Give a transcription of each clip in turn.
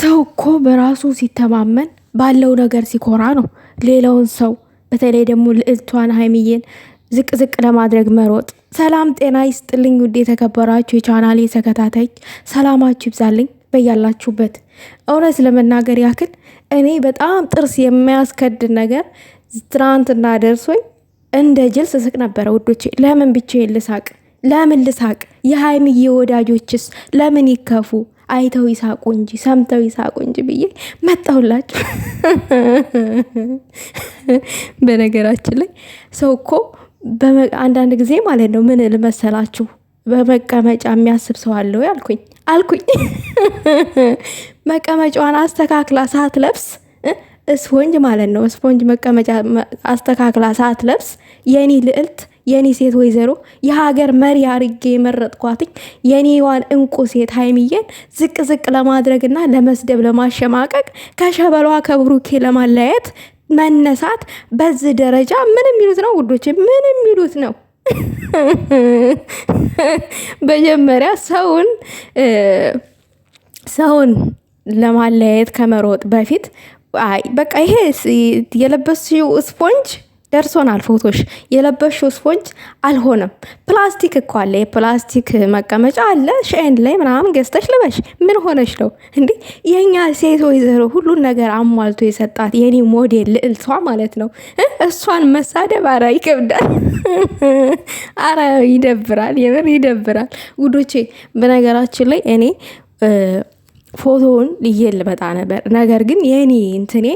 ሰው እኮ በራሱ ሲተማመን ባለው ነገር ሲኮራ ነው። ሌላውን ሰው በተለይ ደግሞ ልዕልቷን ሀይሚዬን ዝቅ ዝቅ ለማድረግ መሮጥ። ሰላም ጤና ይስጥልኝ ውድ የተከበራችሁ የቻናል የተከታታይ ሰላማችሁ ይብዛልኝ በያላችሁበት። እውነት ለመናገር ያክል እኔ በጣም ጥርስ የሚያስከድን ነገር ትናንትና ደርሶኝ እንደ ጅል ስስቅ ነበረ ውዶቼ። ለምን ብቻዬን ልሳቅ? ለምን ልሳቅ? የሀይሚዬ ወዳጆችስ ለምን ይከፉ? አይተው ይሳቁ እንጂ ሰምተው ይሳቁ እንጂ ብዬ መጣሁላችሁ። በነገራችን ላይ ሰው እኮ አንዳንድ ጊዜ ማለት ነው ምን ልመሰላችሁ በመቀመጫ የሚያስብ ሰው አለው ያልኩኝ አልኩኝ። መቀመጫዋን አስተካክላ ለብስ እስፖንጅ ማለት ነው እስፖንጅ መቀመጫ አስተካክላ ለብስ የኔ ልዕልት የኔ ሴት ወይዘሮ የሀገር መሪ አርጌ የመረጥኳትኝ የኔዋን እንቁ ሴት ሀይሚዬን ዝቅ ዝቅ ለማድረግና ለመስደብ ለማሸማቀቅ ከሸበሏ ከብሩኬ ለማለያየት መነሳት በዚህ ደረጃ ምን የሚሉት ነው ውዶች? ምን የሚሉት ነው? መጀመሪያ ሰውን ሰውን ለማለያየት ከመሮጥ በፊት አይ በቃ ይሄ የለበስሽው ስፖንጅ ደርሶናል ፎቶሽ። የለበሽው ስፖንጅ አልሆነም። ፕላስቲክ እኮ አለ፣ የፕላስቲክ መቀመጫ አለ። ሸን ላይ ምናምን ገዝተሽ ልበሽ። ምን ሆነች ነው እንዴ? የኛ ሴት ወይዘሮ ሁሉን ነገር አሟልቶ የሰጣት የኔ ሞዴል ልዕልቷ ማለት ነው። እሷን መሳደብ አራ ይከብዳል፣ አራ ይደብራል፣ የምር ይደብራል ውዶቼ። በነገራችን ላይ እኔ ፎቶውን ልዬ ልመጣ ነበር። ነገር ግን የኔ እንትኔ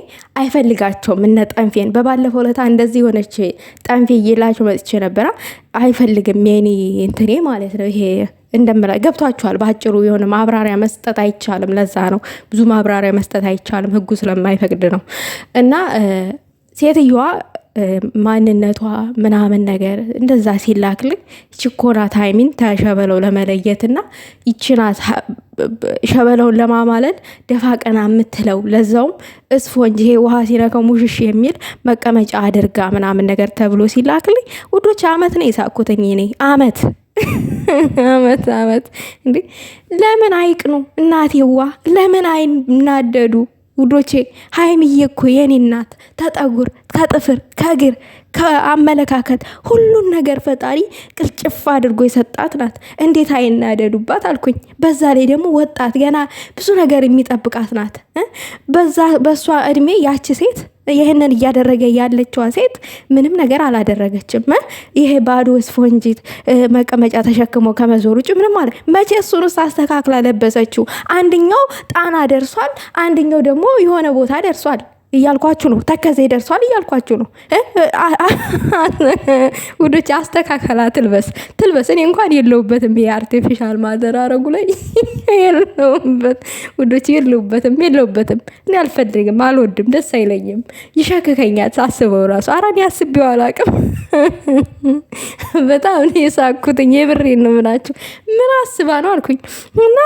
አይፈልጋቸውም እነ ጠንፌን። በባለፈው ዕለት እንደዚህ የሆነች ጠንፌ እየላቸው መጥቼ ነበረ። አይፈልግም የኔ እንትኔ ማለት ነው። ይሄ እንደምላ ገብቷችኋል። በአጭሩ የሆነ ማብራሪያ መስጠት አይቻልም። ለዛ ነው ብዙ ማብራሪያ መስጠት አይቻልም፣ ህጉ ስለማይፈቅድ ነው እና ሴትዮዋ ማንነቷ ምናምን ነገር እንደዛ ሲላክልኝ ችኮናት ሀይሚን ተሸበለው ለመለየት ለመለየትና ይችናት ሸበለውን ለማማለል ደፋ ቀና የምትለው ለዛውም እስፎንጅ ይሄ ውሃ ሲነካው ሙሽሽ የሚል መቀመጫ አድርጋ ምናምን ነገር ተብሎ ሲላክልኝ ውዶች አመት ነው የሳቅኩትኝ። እኔ አመት አመት አመት እንዴ! ለምን አይቅኑ እናቴዋ? ለምን አይናደዱ? ውዶቼ ሀይሚዬ እኮ የኔ እናት ተጠጉር ከጥፍር ከእግር ከአመለካከት ሁሉን ነገር ፈጣሪ ቅልጭፍ አድርጎ የሰጣት ናት። እንዴት አይናደዱባት አልኩኝ። በዛ ላይ ደግሞ ወጣት ገና ብዙ ነገር የሚጠብቃት ናት። በዛ በእሷ እድሜ ያቺ ሴት ይህንን እያደረገ ያለችዋ ሴት ምንም ነገር አላደረገችም። ይሄ ባዶ ስፖንጂት መቀመጫ ተሸክሞ ከመዞር ውጭ ምንም አለ። መቼ እሱን ውስጥ አስተካክላ ለበሰችው። አንድኛው ጣና ደርሷል፣ አንድኛው ደግሞ የሆነ ቦታ ደርሷል። እያልኳችሁ ነው። ተከዘ ይደርሷል እያልኳችሁ ነው። ውዶች አስተካከላ ትልበስ ትልበስ። እኔ እንኳን የለውበትም የአርቲፊሻል ማዘራረጉ ላይ የለውበት ውዶች፣ የለውበትም የለውበትም። እኔ አልፈልግም፣ አልወድም፣ ደስ አይለኝም፣ ይሸክከኛ ሳስበው ራሱ አራን ያስቤው አላቅም። በጣም ነው የሳኩትኝ። የብሬን ነው ምናችሁ ምን አስባ ነው አልኩኝ እና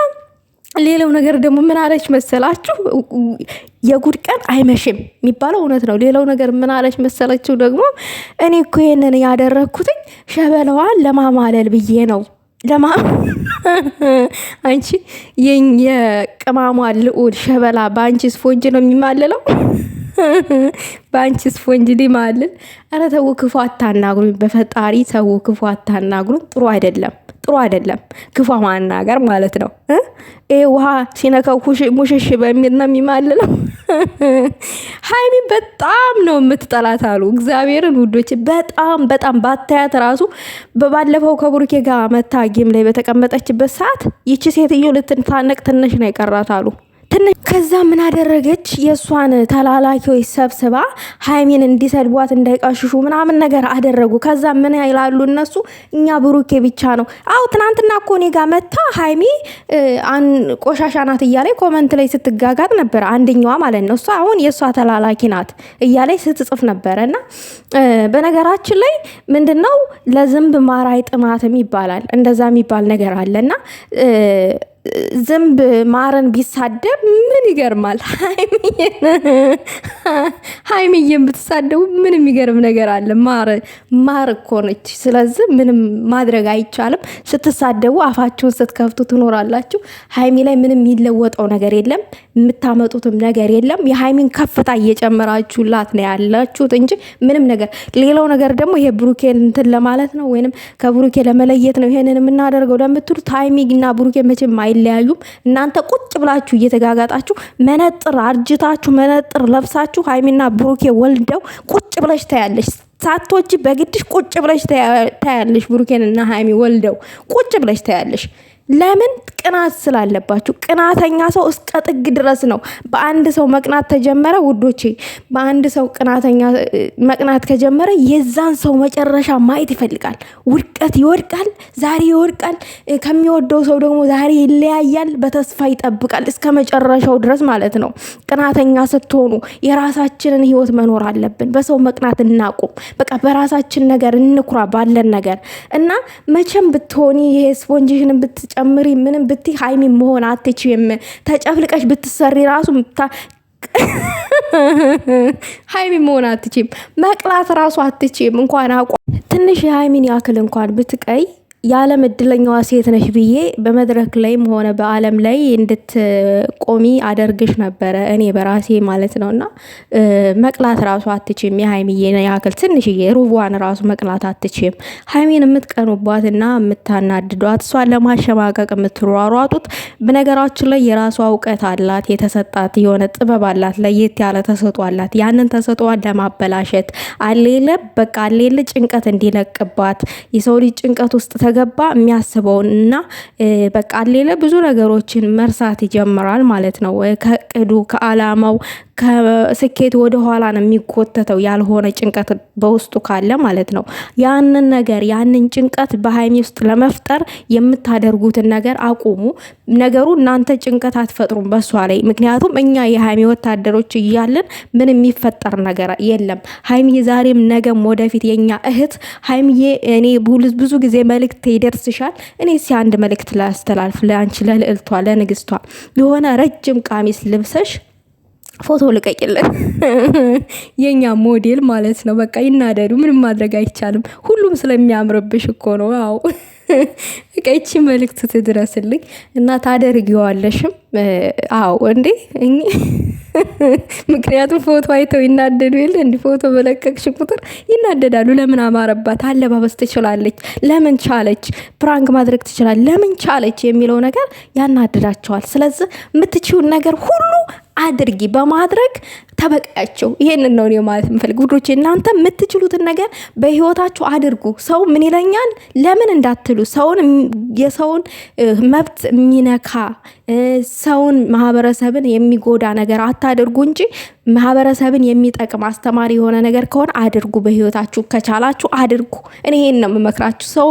ሌላው ነገር ደግሞ ምን አለች መሰላችሁ? የጉድ ቀን አይመሽም የሚባለው እውነት ነው። ሌላው ነገር ምን አለች መሰላችሁ ደግሞ እኔ እኮ ይህንን ያደረግኩትኝ ሸበለዋን ለማማለል ብዬ ነው። ለማ አንቺ የቅማሟ ልዑል ሸበላ በአንቺ ስፎንጅ ነው የሚማልለው። በአንቺ እንጂ ማልን። ኧረ ተው ክፉ አታናግሩኝ፣ በፈጣሪ ተው ክፉ አታናግሩኝ። ጥሩ አይደለም፣ ጥሩ አይደለም ክፉ ማናገር ማለት ነው። ይሄ ውሃ ሲነካው ሙሽሽ በሚል ነው የሚማልለው። በጣም ነው የምትጠላት አሉ። እግዚአብሔርን ውዶች፣ በጣም በጣም ባታያት ራሱ በባለፈው ከቡርኬ ጋር መታጊም ላይ በተቀመጠችበት ሰዓት ይቺ ሴትዮ ልትታነቅ ትንሽ ነው የቀራት አሉ። ትንሽ ከዛ ምን አደረገች? የእሷን ተላላኪዎች ሰብስባ ሀይሜን እንዲሰድቧት እንዳይቀሽሹ ምናምን ነገር አደረጉ። ከዛ ምን ይላሉ እነሱ እኛ ብሩኬ ብቻ ነው። አዎ ትናንትና እኮ እኔ ጋር መታ ሀይሜ ቆሻሻ ናት እያላይ ኮመንት ላይ ስትጋጋጥ ነበረ። አንደኛዋ ማለት ነው እሷ አሁን የእሷ ተላላኪ ናት እያለ ስትጽፍ ነበረ። እና በነገራችን ላይ ምንድነው ለዝንብ ማራይ ጥማትም ይባላል። እንደዛ የሚባል ነገር አለ እና ዝንብ ማረን ቢሳደብ ምን ይገርማል? ሀይሚዬን ብትሳደቡ ምን የሚገርም ነገር አለ? ማር ማር እኮ ነች። ስለዚህ ምንም ማድረግ አይቻልም። ስትሳደቡ አፋችሁን ስትከፍቱ ትኖራላችሁ። ሀይሚ ላይ ምንም የሚለወጠው ነገር የለም፣ የምታመጡትም ነገር የለም። የሀይሚን ከፍታ እየጨመራችሁላት ነው ያላችሁት እንጂ ምንም ነገር። ሌላው ነገር ደግሞ ይሄ ብሩኬን እንትን ለማለት ነው ወይንም ከብሩኬ ለመለየት ነው ይሄንን የምናደርገው ለምትሉት ሀይሚ እና ብሩኬ መቼም አይለያዩም። እናንተ ቁጭ ብላችሁ እየተጋጋጣችሁ መነጥር አርጅታችሁ መነጥር ለብሳችሁ ሀይሚና ብሩኬ ወልደው ቁጭ ብለሽ ታያለሽ። ሳቶች በግድሽ ቁጭ ብለሽ ታያለሽ። ብሩኬንና ሀይሚ ወልደው ቁጭ ብለሽ ታያለሽ። ለምን ቅናት ስላለባችሁ። ቅናተኛ ሰው እስከ ጥግ ድረስ ነው። በአንድ ሰው መቅናት ተጀመረ ውዶቼ፣ በአንድ ሰው ቅናተኛ መቅናት ከጀመረ የዛን ሰው መጨረሻ ማየት ይፈልጋል። ውድቀት ይወድቃል፣ ዛሬ ይወድቃል። ከሚወደው ሰው ደግሞ ዛሬ ይለያያል፣ በተስፋ ይጠብቃል እስከ መጨረሻው ድረስ ማለት ነው። ቅናተኛ ስትሆኑ የራሳችንን ህይወት መኖር አለብን። በሰው መቅናት እናቁም። በቃ በራሳችን ነገር እንኩራ፣ ባለን ነገር እና መቼም ብትሆኒ ይሄ ስፖንጅሽን ብትጫ ብትጨምሪ ምንም ብት ሀይሚ መሆን አትችም። ተጨፍልቀሽ ብትሰሪ ራሱ ሀይሚ መሆን አትችም። መቅላት ራሱ አትችም። እንኳን አቋ ትንሽ የሀይሚን ያክል እንኳን ብትቀይ የዓለም እድለኛዋ ሴት ነሽ ብዬ በመድረክ ላይም ሆነ በዓለም ላይ እንድትቆሚ አደርግሽ ነበረ እኔ በራሴ ማለት ነው። እና መቅላት ራሱ አትችም። የሀይሚዬን ያክል ትንሽዬ ሩቧን ራሱ መቅላት አትችም። ሀይሚን የምትቀኑባት እና የምታናድዷት እሷን ለማሸማቀቅ የምትሯሯጡት፣ በነገራችን ላይ የራሷ እውቀት አላት፣ የተሰጣት የሆነ ጥበብ አላት፣ ለየት ያለ ተሰጦ አላት። ያንን ተሰጧን ለማበላሸት አሌለ በቃ አሌለ ጭንቀት እንዲለቅባት የሰው ልጅ ጭንቀት ውስጥ ከገባ የሚያስበውና በቃ ሌለ ብዙ ነገሮችን መርሳት ይጀምራል ማለት ነው። ከቅዱ ከአላማው ከስኬት ወደ ኋላ ነው የሚጎተተው ያልሆነ ጭንቀት በውስጡ ካለ ማለት ነው። ያንን ነገር ያንን ጭንቀት በሀይሚ ውስጥ ለመፍጠር የምታደርጉትን ነገር አቁሙ። ነገሩ እናንተ ጭንቀት አትፈጥሩም በሷ ላይ ምክንያቱም እኛ የሀይሚ ወታደሮች እያለን ምን የሚፈጠር ነገር የለም። ሀይሚ ዛሬም ነገም ወደፊት የኛ እህት ሀይሚዬ እኔ ብዙ ጊዜ መልክት መልእክት ይደርስሻል። እኔ ሲ አንድ መልእክት ላስተላልፍ ለአንቺ ለልዕልቷ ለንግስቷ የሆነ ረጅም ቀሚስ ልብሰሽ ፎቶ ልቀቂልን የኛ ሞዴል ማለት ነው። በቃ ይናደዱ፣ ምንም ማድረግ አይቻልም። ሁሉም ስለሚያምርብሽ እኮ ነው። ያው በቃ ይቺ መልእክት ትድረስልኝ እና ታደርጊዋለሽም። አዎ እንዴ ምክንያቱም ፎቶ አይተው ይናደዱ የለ እንዲ ፎቶ በለቀቅሽ ቁጥር ይናደዳሉ። ለምን አማረባት፣ አለባበስ ትችላለች፣ ለምን ቻለች፣ ፕራንክ ማድረግ ትችላለች፣ ለምን ቻለች የሚለው ነገር ያናድዳቸዋል። ስለዚህ የምትችውን ነገር ሁሉ አድርጊ በማድረግ ተበቃያቸው። ይሄንን ነው እኔ ማለት የምፈልግ ውዶቼ። እናንተ የምትችሉትን ነገር በህይወታችሁ አድርጉ። ሰው ምን ይለኛል ለምን እንዳትሉ ሰውን የሰውን መብት የሚነካ ሰውን ማህበረሰብን የሚጎዳ ነገር አታድርጉ እንጂ ማህበረሰብን የሚጠቅም አስተማሪ የሆነ ነገር ከሆነ አድርጉ። በህይወታችሁ ከቻላችሁ አድርጉ። እኔ ይሄን ነው የምመክራችሁ ሰው